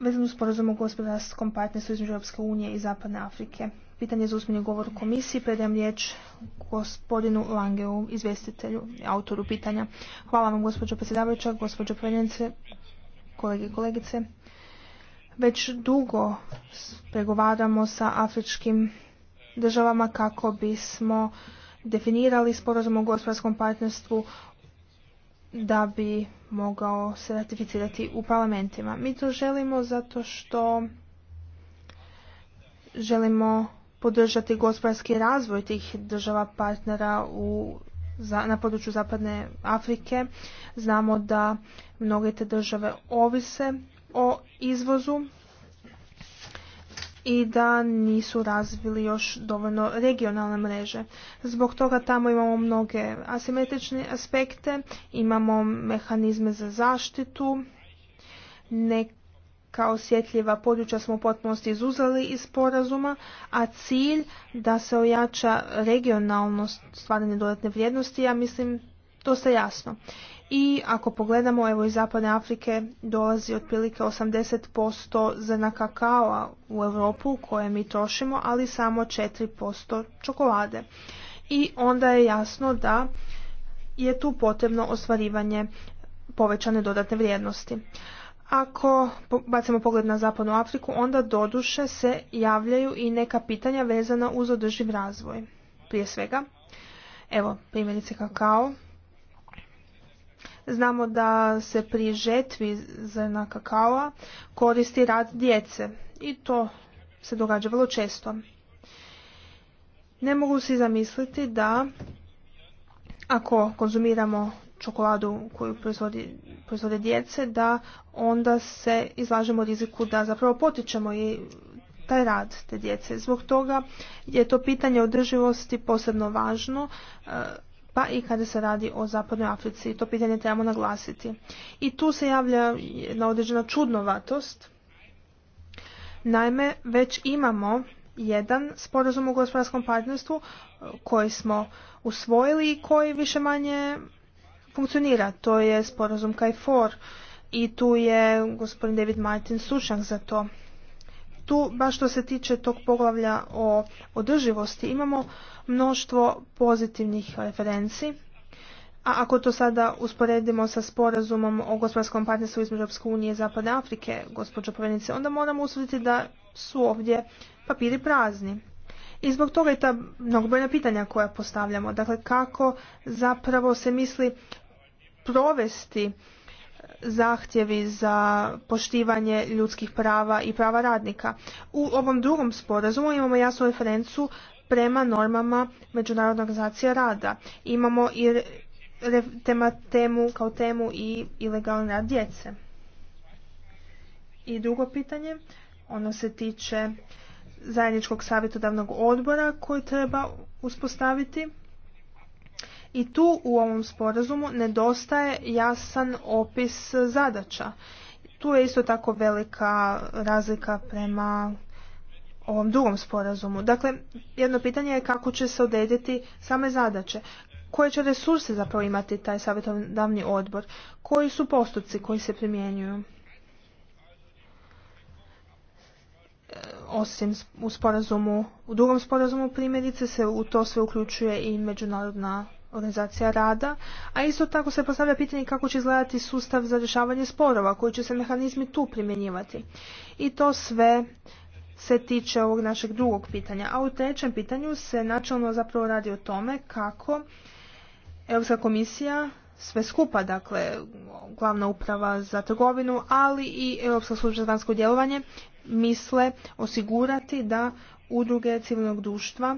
vezano uz sporazum o gospodarskom partnerstvu između Europske unije i Zapadne Afrike. Pitanje za usmeni govor komisiji. Predajem riječ gospodinu Langeu, izvjestitelju, autoru pitanja. Hvala vam gospođo predsjedavajuća, gospođo povjerenice, kolege i kolegice. Već dugo pregovaramo sa afričkim državama kako bismo definirali sporazum o gospodarskom partnerstvu da bi mogao se ratificirati u parlamentima. Mi to želimo zato što želimo podržati gospodarski razvoj tih država partnera u, na području zapadne Afrike. Znamo da mnoge te države ovise o izvozu i da nisu razvili još dovoljno regionalne mreže. Zbog toga tamo imamo mnoge asimetrične aspekte, imamo mehanizme za zaštitu, neka osjetljiva područja smo u potpunosti izuzeli iz sporazuma, a cilj da se ojača regionalnost stvaranje dodatne vrijednosti, ja mislim to se jasno. I ako pogledamo, evo iz Zapadne Afrike dolazi otprilike 80% zrna kakaoa u Europu koje mi trošimo, ali samo 4% čokolade. I onda je jasno da je tu potrebno ostvarivanje povećane dodatne vrijednosti. Ako bacimo pogled na Zapadnu Afriku, onda doduše se javljaju i neka pitanja vezana uz održiv razvoj. Prije svega, evo primjerice kakao, Znamo da se pri žetvi zrna kakao koristi rad djece i to se događa vrlo često. Ne mogu si zamisliti da ako konzumiramo čokoladu koju proizvode djece, da onda se izlažemo riziku da zapravo potičemo i taj rad te djece. Zbog toga je to pitanje održivosti posebno važno e, pa i kada se radi o zapadnoj Africi. To pitanje trebamo naglasiti. I tu se javlja jedna određena čudnovatost. Naime, već imamo jedan sporazum o gospodarskom partnerstvu e, koji smo usvojili i koji više manje funkcionira. To je sporazum KAIFOR i tu je gospodin David Martin stručnjak za to tu, baš što se tiče tog poglavlja o održivosti, imamo mnoštvo pozitivnih referenci. A ako to sada usporedimo sa sporazumom o gospodarskom partnerstvu između Europske unije i Zapadne Afrike, gospođo povenice onda moramo usuditi da su ovdje papiri prazni. I zbog toga je ta mnogobrojna pitanja koja postavljamo. Dakle, kako zapravo se misli provesti zahtjevi za poštivanje ljudskih prava i prava radnika. U ovom drugom sporazumu imamo jasnu referencu prema normama međunarodnog organizacija rada. Imamo i tema, temu, kao temu i ilegalni rad djece. I drugo pitanje, ono se tiče zajedničkog savjetodavnog odbora koji treba uspostaviti i tu u ovom sporazumu nedostaje jasan opis zadaća. Tu je isto tako velika razlika prema ovom drugom sporazumu. Dakle, jedno pitanje je kako će se odrediti same zadaće. Koje će resurse zapravo imati taj savjetodavni odbor? Koji su postupci koji se primjenjuju? Osim u sporazumu, u drugom sporazumu primjerice se u to sve uključuje i međunarodna organizacija rada, a isto tako se postavlja pitanje kako će izgledati sustav za rješavanje sporova, koji će se mehanizmi tu primjenjivati. I to sve se tiče ovog našeg drugog pitanja. A u trećem pitanju se načelno zapravo radi o tome kako Europska komisija sve skupa, dakle glavna uprava za trgovinu, ali i Europska služba za vanjsko djelovanje misle osigurati da udruge civilnog društva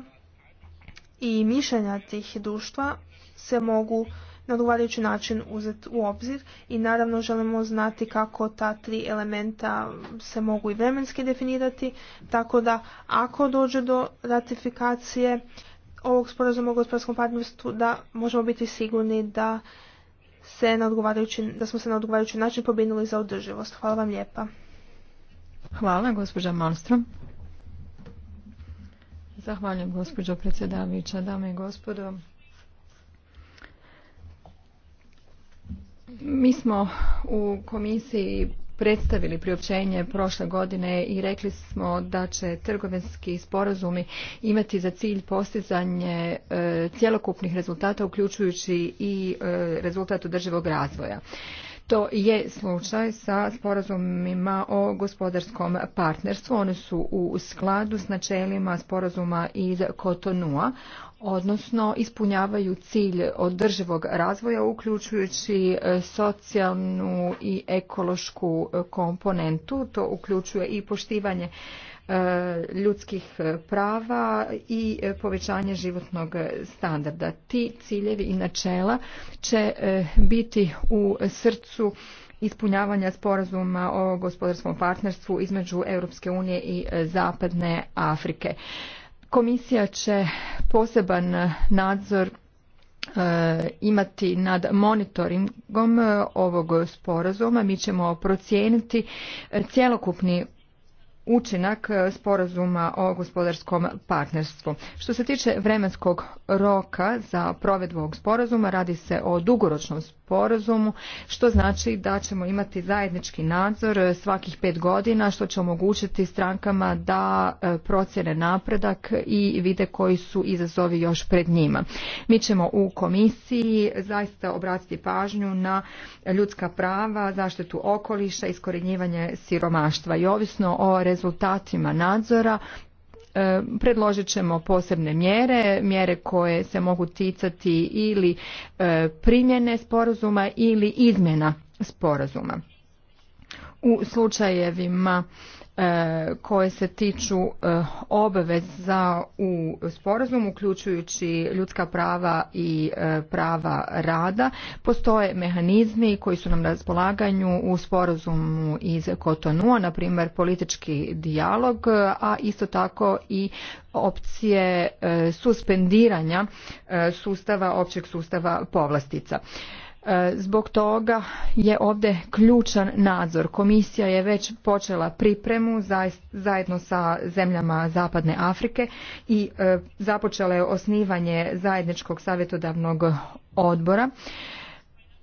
i mišljenja tih društva se mogu na odgovarajući način uzeti u obzir i naravno želimo znati kako ta tri elementa se mogu i vremenski definirati, tako da ako dođe do ratifikacije ovog sporazuma o gospodarskom partnerstvu da možemo biti sigurni da se na odgovarajući, da smo se na odgovarajući način pobinuli za održivost. Hvala vam lijepa. Hvala, Zahvaljujem gospođo predsjedavajuća, dame i gospodo. Mi smo u komisiji predstavili priopćenje prošle godine i rekli smo da će trgovinski sporazumi imati za cilj postizanje e, cjelokupnih rezultata uključujući i e, rezultat održivog razvoja to je slučaj sa sporazumima o gospodarskom partnerstvu. Oni su u skladu s načelima sporazuma iz Kotonua, odnosno ispunjavaju cilj održivog razvoja uključujući e, socijalnu i ekološku komponentu. To uključuje i poštivanje E, ljudskih prava i povećanje životnog standarda. Ti ciljevi i načela će e, biti u srcu ispunjavanja sporazuma o gospodarskom partnerstvu između Europske unije i e, Zapadne Afrike. Komisija će poseban nadzor imati nad monitoringom ovog sporazuma. Mi ćemo procijeniti cjelokupni učinak e, sporazuma o gospodarskom partnerstvu. Što se tiče vremenskog roka za provedbu ovog sporazuma, radi se o dugoročnom sporazumu sporazumu, što znači da ćemo imati zajednički nadzor e, svakih pet godina, što će omogućiti strankama da e, procjene napredak i vide koji su izazovi još pred njima. Mi ćemo u komisiji zaista obratiti pažnju na ljudska prava, zaštitu okoliša, iskorjenjivanje siromaštva i ovisno o rezultatima nadzora E, predložit ćemo posebne mjere, mjere koje se mogu ticati ili e, primjene sporazuma ili izmjena sporazuma. U slučajevima E, koje se tiču e, obveza u sporazumu uključujući ljudska prava i e, prava rada postoje mehanizmi koji su nam na raspolaganju u sporazumu iz Kotonua na primjer politički dijalog a isto tako i opcije suspendiranja sustava općeg sustava povlastica E, zbog toga je ovdje ključan nadzor. Komisija je već počela pripremu zajedno sa zemljama Zapadne Afrike i e, započela je osnivanje zajedničkog savjetodavnog odbora.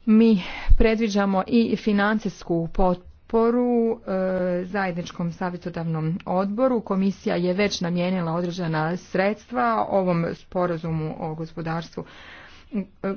Mi predviđamo i financijsku potporu e, zajedničkom savjetodavnom odboru. Komisija je već namijenila određena sredstva ovom sporazumu o gospodarstvu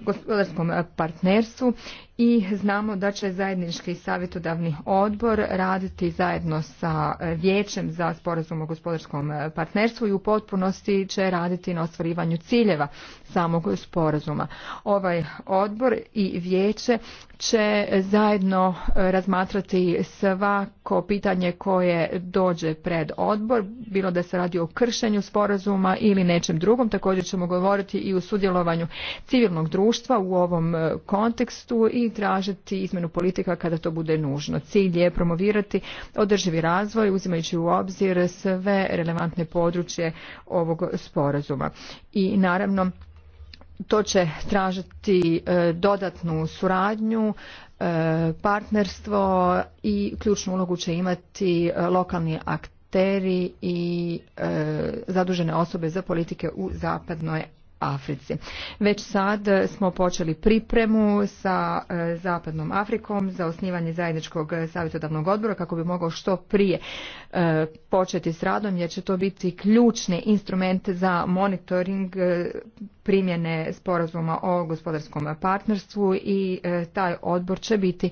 gospodarskom partnerstvu i znamo da će zajednički savjetodavni odbor raditi zajedno sa vijećem za sporazum o gospodarskom partnerstvu i u potpunosti će raditi na ostvarivanju ciljeva samog sporazuma. Ovaj odbor i vijeće će zajedno razmatrati svako pitanje koje dođe pred odbor, bilo da se radi o kršenju sporazuma ili nečem drugom. Također ćemo govoriti i o sudjelovanju civilnog civilnog društva u ovom e, kontekstu i tražiti izmenu politika kada to bude nužno. Cilj je promovirati održivi razvoj uzimajući u obzir sve relevantne područje ovog sporazuma. I naravno to će tražiti e, dodatnu suradnju, e, partnerstvo i ključnu ulogu će imati lokalni akteri i zadužene osobe za politike u zapadnoj Africi. Već sad e, smo počeli pripremu sa e, Zapadnom Afrikom za osnivanje zajedničkog e, savjetodavnog odbora kako bi mogao što prije početi s radom jer će to biti ključni instrument za monitoring primjene sporazuma o gospodarskom partnerstvu i taj odbor će biti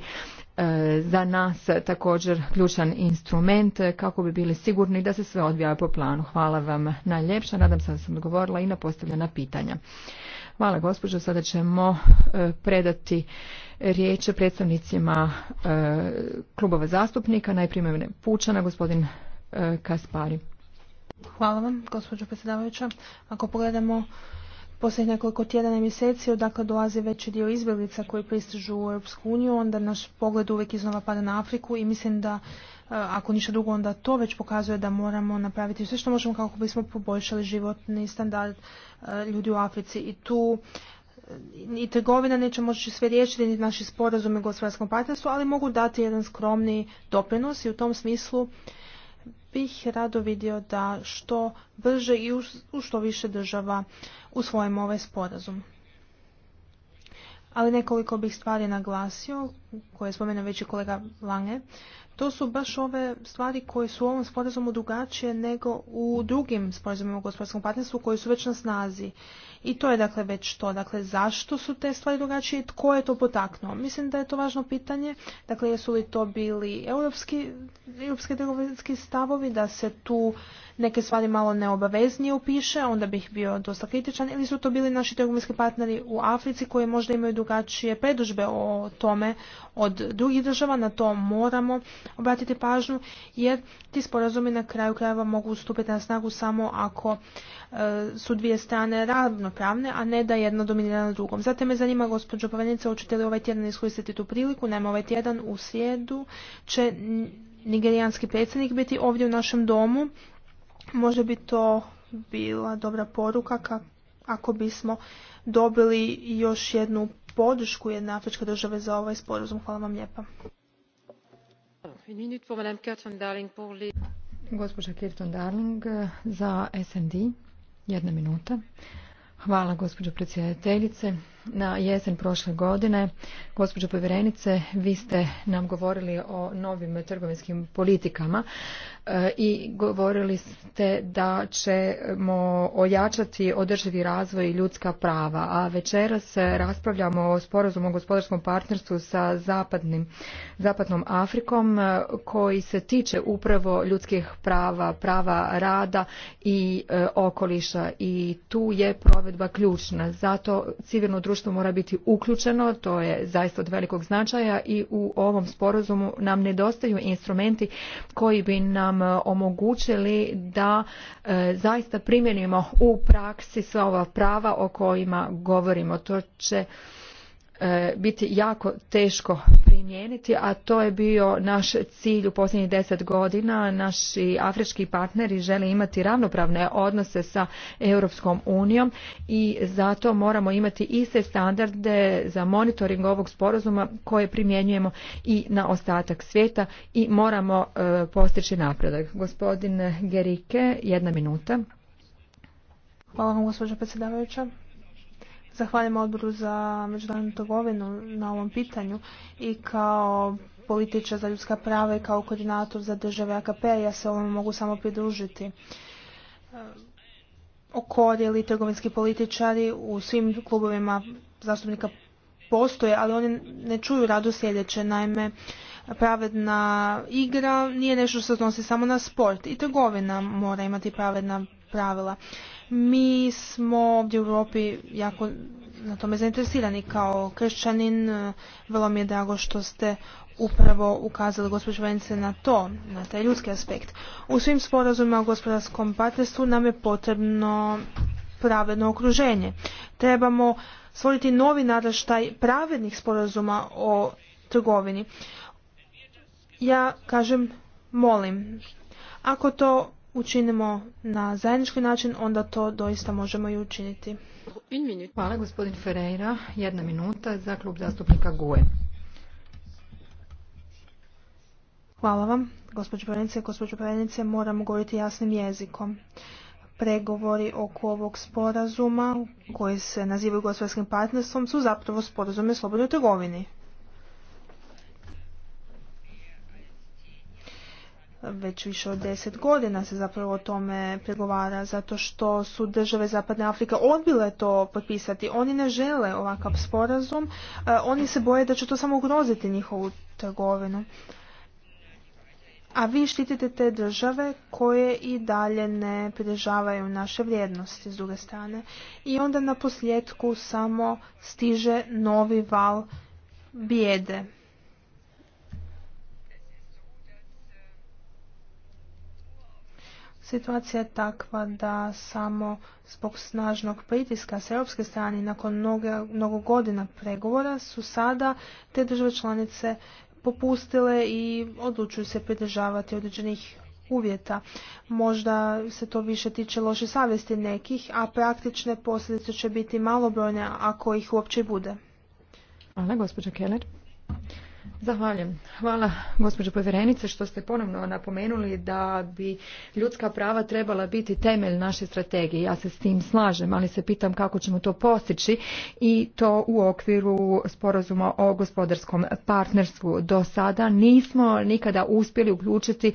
E, za nas također ključan instrument kako bi bili sigurni da se sve odvija po planu. Hvala vam najljepša, nadam se da sam odgovorila i na postavljena pitanja. Hvala gospođo, sada ćemo e, predati riječ predstavnicima e, klubova zastupnika, Najprimjene Pučana, gospodin Kaspari. Hvala vam, gospođo predsjedavajuća. Ako pogledamo poslije nekoliko tjedana i mjeseci odakle dolazi veći dio izbjeglica koji pristižu u Europsku uniju, onda naš pogled uvijek iznova pada na Afriku i mislim da e, ako ništa drugo onda to već pokazuje da moramo napraviti sve što možemo kako bismo poboljšali životni standard e, ljudi u Africi i tu e, i trgovina neće moći sve riješiti ni naši sporazumi u gospodarskom partnerstvu, ali mogu dati jedan skromni doprinos i u tom smislu bih rado vidio da što brže i u što više država usvojimo ovaj sporazum. Ali nekoliko bih stvari naglasio, koje je spomenuo već i kolega Lange. To su baš ove stvari koje su u ovom sporazumu drugačije nego u drugim sporazumima u gospodarskom partnerstvu koji su već na snazi. I to je dakle već to. Dakle, zašto su te stvari drugačije i tko je to potaknuo? Mislim da je to važno pitanje. Dakle, jesu li to bili europski, trgovinski stavovi, da se tu neke stvari malo neobaveznije upiše, onda bih bio dosta kritičan, ili su to bili naši trgovinski partneri u Africi koji možda imaju drugačije predužbe o tome od drugih država, na to moramo obratiti pažnju jer ti sporazumi na kraju krajeva mogu stupiti na snagu samo ako e, su dvije strane ravnopravne, a ne da jedna dominira na drugom. Zatim me zanima gospođo Povjerenica, hoćete li ovaj tjedan iskoristiti tu priliku? Naime, ovaj tjedan u srijedu će nigerijanski predsjednik biti ovdje u našem domu. Možda bi to bila dobra poruka ako bismo dobili još jednu podršku jedne afričke države za ovaj sporazum. Hvala vam lijepa. Gospođa Kirton Darling eh, za SND, jedna minuta. Hvala gospođo predsjedateljice na jesen prošle godine. Gospođo povjerenice, vi ste nam govorili o novim trgovinskim politikama e, i govorili ste da ćemo ojačati održivi razvoj i ljudska prava, a večeras raspravljamo o sporazumu o gospodarskom partnerstvu sa zapadnim, zapadnom Afrikom e, koji se tiče upravo ljudskih prava, prava rada i e, okoliša i tu je provedba ključna. Zato civilno društvo društvo mora biti uključeno, to je zaista od velikog značaja i u ovom sporazumu nam nedostaju instrumenti koji bi nam e, omogućili da e, zaista primjenimo u praksi sva ova prava o kojima govorimo. To će E, biti jako teško primijeniti, a to je bio naš cilj u posljednjih deset godina. Naši afrički partneri žele imati ravnopravne odnose sa Europskom unijom i zato moramo imati iste standarde za monitoring ovog sporazuma koje primjenjujemo i na ostatak svijeta i moramo e, postići napredak. Gospodin Gerike, jedna minuta. Hvala vam gospođo predsjedavajuća. Zahvaljujem odboru za međunarodnu trgovinu na ovom pitanju i kao političar za ljudska prava i kao koordinator za države AKP ja se ovom mogu samo pridružiti. E, okorjeli trgovinski političari u svim klubovima zastupnika postoje, ali oni ne čuju radu sljedeće. Naime, pravedna igra nije nešto što se odnosi samo na sport. I trgovina mora imati pravedna pravila. Mi smo ovdje u Europi jako na tome zainteresirani kao kršćanin. E, vrlo mi je drago što ste upravo ukazali gospođu Vence na to, na taj ljudski aspekt. U svim sporazumima o gospodarskom partnerstvu nam je potrebno pravedno okruženje. Trebamo stvoriti novi naraštaj pravednih sporazuma o trgovini. Ja kažem molim, ako to učinimo na zajednički način, onda to doista možemo i učiniti. Hvala gospodin Ferreira. Jedna minuta za klub zastupnika GUE. Hvala vam, gospođo i Gospođo povjednice, moramo govoriti jasnim jezikom. Pregovori oko ovog sporazuma, koji se nazivaju gospodarskim partnerstvom, su zapravo sporazume o slobodnoj trgovini. već više od deset godina se zapravo o tome pregovara, zato što su države Zapadne Afrike odbile to potpisati. Oni ne žele ovakav sporazum, e, oni se boje da će to samo ugroziti njihovu trgovinu. A vi štitite te države koje i dalje ne pridržavaju naše vrijednosti s druge strane. I onda na posljedku samo stiže novi val bijede Situacija je takva da samo zbog snažnog pritiska s europske strane nakon mnogo, mnogo godina pregovora su sada te države članice popustile i odlučuju se pridržavati određenih uvjeta. Možda se to više tiče loše savjesti nekih, a praktične posljedice će biti malobrojne ako ih uopće bude. Hvala, gospođa Keller. Zahvaljujem. Hvala gospođo povjerenice što ste ponovno napomenuli da bi ljudska prava trebala biti temelj naše strategije. Ja se s tim slažem, ali se pitam kako ćemo to postići i to u okviru sporazuma o gospodarskom partnerstvu. Do sada nismo nikada uspjeli uključiti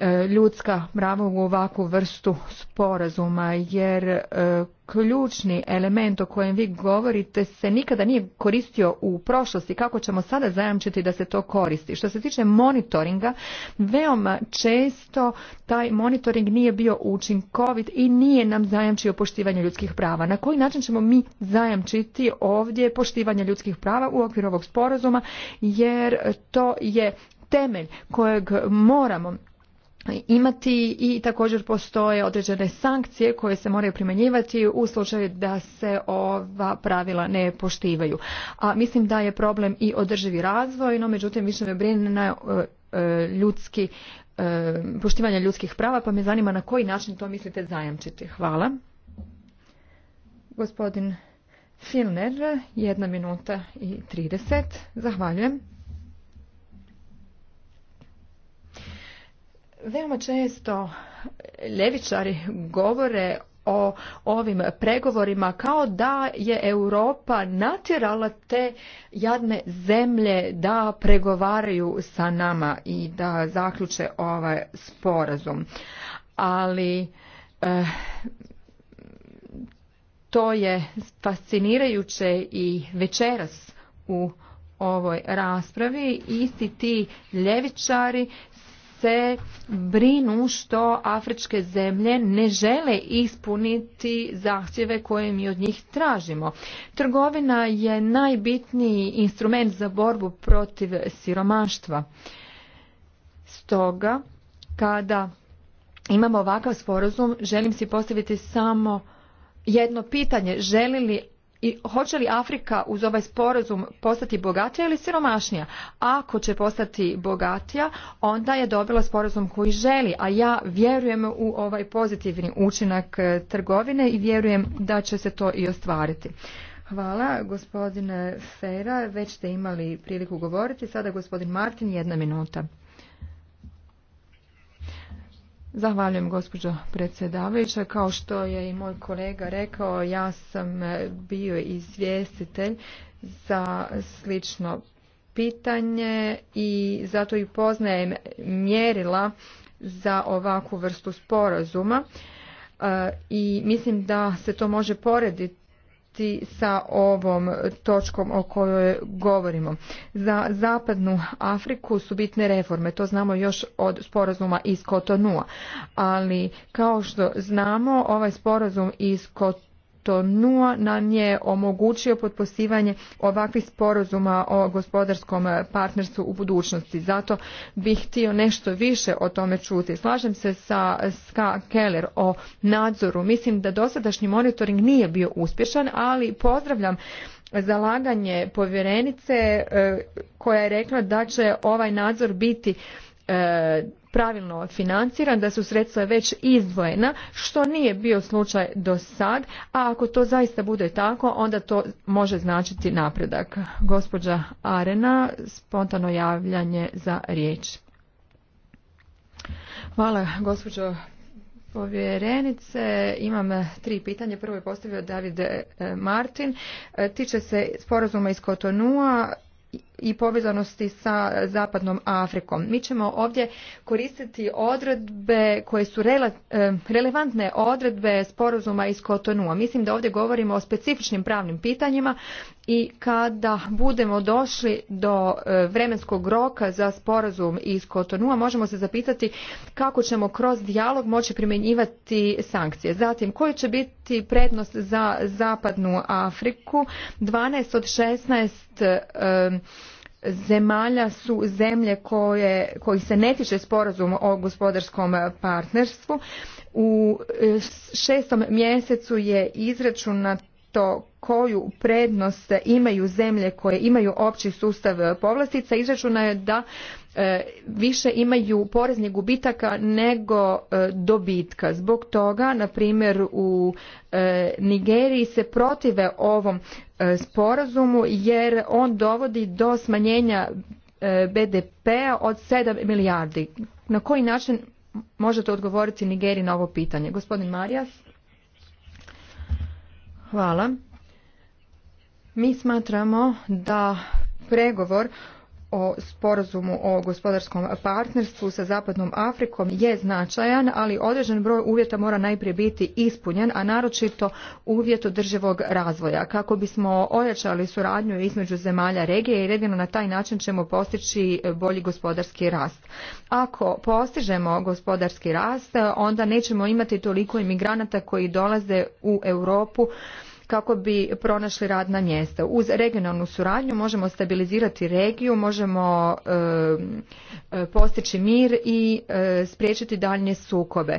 E, ljudska prava u ovakvu vrstu sporazuma jer e, ključni element o kojem vi govorite se nikada nije koristio u prošlosti kako ćemo sada zajamčiti da se to koristi što se tiče monitoringa veoma često taj monitoring nije bio učinkovit i nije nam zajamčio poštivanje ljudskih prava na koji način ćemo mi zajamčiti ovdje poštivanje ljudskih prava u okviru ovog sporazuma jer to je temelj kojeg moramo imati i također postoje određene sankcije koje se moraju primjenjivati u slučaju da se ova pravila ne poštivaju. A mislim da je problem i održivi razvoj, no međutim više me brine na e, e, ljudski e, poštivanje ljudskih prava, pa me zanima na koji način to mislite zajamčiti. Hvala. Gospodin Filner, jedna minuta i trideset. Zahvaljujem. Veoma često ljevičari govore o ovim pregovorima kao da je Europa natjerala te jadne zemlje da pregovaraju sa nama i da zaključe ovaj sporazum. Ali eh, to je fascinirajuće i večeras u ovoj raspravi isti ti ljevičari se brinu što afričke zemlje ne žele ispuniti zahtjeve koje mi od njih tražimo. Trgovina je najbitniji instrument za borbu protiv siromaštva. Stoga, kada imamo ovakav sporazum, želim si postaviti samo jedno pitanje. Želi li i hoće li Afrika uz ovaj sporazum postati bogatija ili siromašnija? Ako će postati bogatija, onda je dobila sporazum koji želi, a ja vjerujem u ovaj pozitivni učinak e, trgovine i vjerujem da će se to i ostvariti. Hvala, gospodine Fera, već ste imali priliku govoriti. Sada gospodin Martin, jedna minuta. Zahvaljujem gospođo predsjedavajuća. Kao što je i moj kolega rekao, ja sam bio izvjestitelj za slično pitanje i zato i poznajem mjerila za ovakvu vrstu sporazuma e, i mislim da se to može porediti sa ovom točkom o kojoj govorimo. Za zapadnu Afriku su bitne reforme, to znamo još od sporazuma iz Kotonua, ali kao što znamo ovaj sporazum iz Kotonua nu nam je omogućio potpisivanje ovakvih sporazuma o gospodarskom partnerstvu u budućnosti. Zato bih htio nešto više o tome čuti. Slažem se sa Ska Keller o nadzoru. Mislim da dosadašnji monitoring nije bio uspješan, ali pozdravljam zalaganje povjerenice e, koja je rekla da će ovaj nadzor biti E, pravilno financiran, da su sredstva već izdvojena, što nije bio slučaj do sad, a ako to zaista bude tako, onda to može značiti napredak. Gospođa Arena, spontano javljanje za riječ. Hvala, gospođo povjerenice. Imam eh, tri pitanje. Prvo je postavio David eh, Martin. Eh, tiče se sporazuma iz Kotonua i povezanosti sa zapadnom Afrikom. Mi ćemo ovdje koristiti odredbe koje su e, relevantne odredbe sporazuma iz Kotonua. Mislim da ovdje govorimo o specifičnim pravnim pitanjima i kada budemo došli do e, vremenskog roka za sporazum iz Kotonua možemo se zapitati kako ćemo kroz dijalog moći primjenjivati sankcije. Zatim koji će biti prednost za zapadnu Afriku? 12 od 16 e, zemalja su zemlje koje, koji se ne tiče sporazum o gospodarskom partnerstvu. U e, šestom mjesecu je izračunat koju prednost imaju zemlje koje imaju opći sustav povlastica izračuna je da e, više imaju poreznih gubitaka nego e, dobitka. Zbog toga, na primjer, u e, Nigeriji se protive ovom sporazumu jer on dovodi do smanjenja BDP-a od 7 milijardi. Na koji način možete odgovoriti Nigeriji na ovo pitanje? Gospodin Marijas? Hvala. Mi smatramo da pregovor o sporazumu o gospodarskom partnerstvu sa Zapadnom Afrikom je značajan, ali određen broj uvjeta mora najprije biti ispunjen, a naročito uvjet održivog razvoja. Kako bismo ojačali suradnju između zemalja regije i jedino na taj način ćemo postići bolji gospodarski rast. Ako postižemo gospodarski rast, onda nećemo imati toliko imigranata koji dolaze u Europu kako bi pronašli radna mjesta. Uz regionalnu suradnju možemo stabilizirati regiju, možemo e, postići mir i e, spriječiti daljnje sukobe.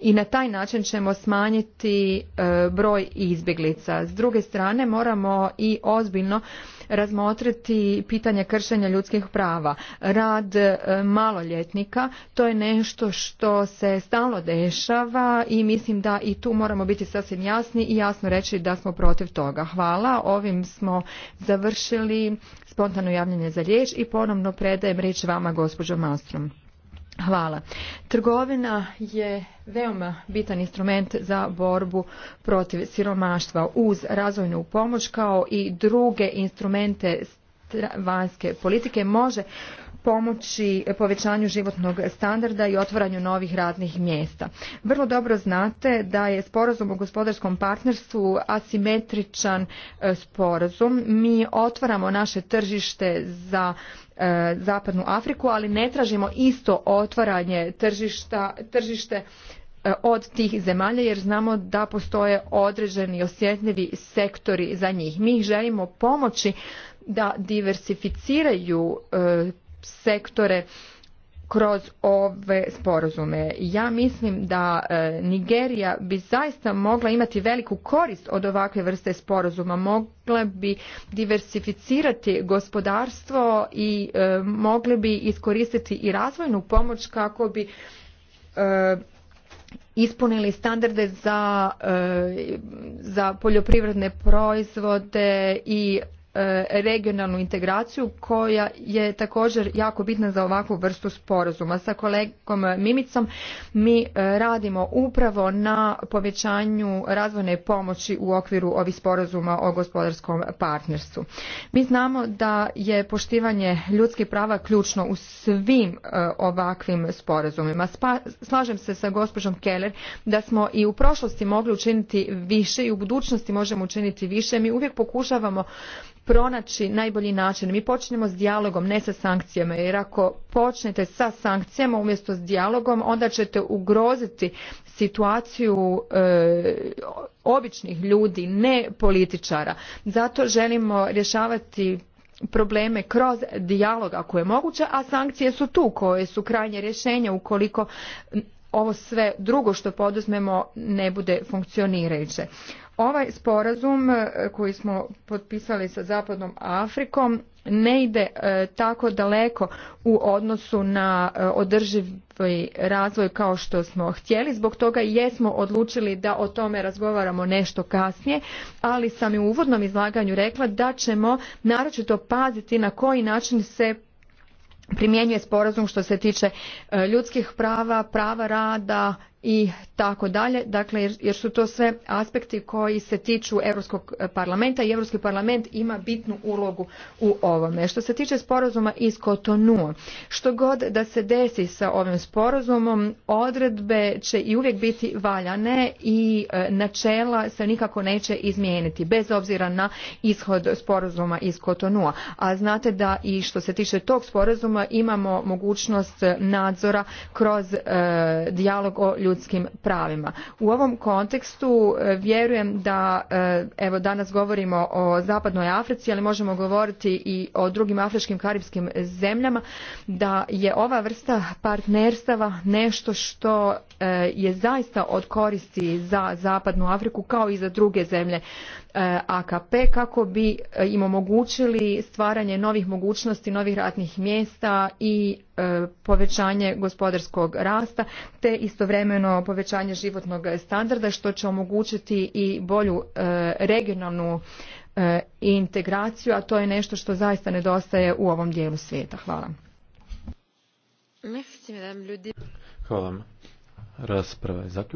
I na taj način ćemo smanjiti e, broj izbjeglica. S druge strane moramo i ozbiljno razmotriti pitanje kršenja ljudskih prava. Rad maloljetnika, to je nešto što se stalno dešava i mislim da i tu moramo biti sasvim jasni i jasno reći reći da smo protiv toga. Hvala. Ovim smo završili spontano javljanje za riječ i ponovno predajem riječ vama gospođo Malstrom. Hvala. Trgovina je veoma bitan instrument za borbu protiv siromaštva uz razvojnu pomoć kao i druge instrumente vanjske politike može pomoći e, povećanju životnog standarda i otvaranju novih radnih mjesta. Vrlo dobro znate da je sporazum o gospodarskom partnerstvu asimetričan e, sporazum. Mi otvaramo naše tržište za e, zapadnu Afriku, ali ne tražimo isto otvaranje tržišta, tržište od tih zemalja jer znamo da postoje određeni osjetljivi sektori za njih. Mi želimo pomoći da diversificiraju sektore kroz ove sporazume. Ja mislim da e, Nigerija bi zaista mogla imati veliku korist od ovakve vrste sporazuma. Mogla bi diversificirati gospodarstvo i e, mogli bi iskoristiti i razvojnu pomoć kako bi e, ispunili standarde za, za poljoprivredne proizvode i E, regionalnu integraciju koja je također jako bitna za ovakvu vrstu sporazuma. Sa kolegom Mimicom mi e, radimo upravo na povećanju razvojne pomoći u okviru ovih sporazuma o gospodarskom partnerstvu. Mi znamo da je poštivanje ljudskih prava ključno u svim e, ovakvim sporazumima. slažem se sa gospođom Keller da smo i u prošlosti mogli učiniti više i u budućnosti možemo učiniti više. Mi uvijek pokušavamo pronaći najbolji način. Mi počinjemo s dijalogom, ne sa sankcijama, jer ako počnete sa sankcijama umjesto s dijalogom, onda ćete ugroziti situaciju e, običnih ljudi, ne političara. Zato želimo rješavati probleme kroz dijalog ako je moguće, a sankcije su tu koje su krajnje rješenje ukoliko ovo sve drugo što poduzmemo ne bude funkcionirajuće. Ovaj sporazum e, koji smo potpisali sa Zapadnom Afrikom ne ide e, tako daleko u odnosu na e, održivi razvoj kao što smo htjeli. Zbog toga jesmo odlučili da o tome razgovaramo nešto kasnije, ali sam i u uvodnom izlaganju rekla da ćemo naročito paziti na koji način se primjenjuje sporazum što se tiče ljudskih prava, prava rada i tako dalje, dakle jer su to sve aspekti koji se tiču Europskog parlamenta i Europski parlament ima bitnu ulogu u ovome. Što se tiče sporazuma iz Kotonu, što god da se desi sa ovim sporazumom, odredbe će i uvijek biti valjane i e, načela se nikako neće izmijeniti, bez obzira na ishod sporazuma iz Kotonua. A znate da i što se tiče tog sporazuma imamo mogućnost nadzora kroz e, dijalog o ljudskim ljudskim pravima. U ovom kontekstu e, vjerujem da e, evo danas govorimo o zapadnoj Africi, ali možemo govoriti i o drugim afričkim karibskim zemljama da je ova vrsta partnerstava nešto što e, je zaista od koristi za zapadnu Afriku kao i za druge zemlje Eh, AKP kako bi eh, im omogućili stvaranje novih mogućnosti, novih ratnih mjesta i eh, povećanje gospodarskog rasta te istovremeno povećanje životnog standarda što će omogućiti i bolju regionalnu integraciju, a to je nešto što zaista nedostaje u ovom dijelu svijeta. Hvala. Hvala Rasprava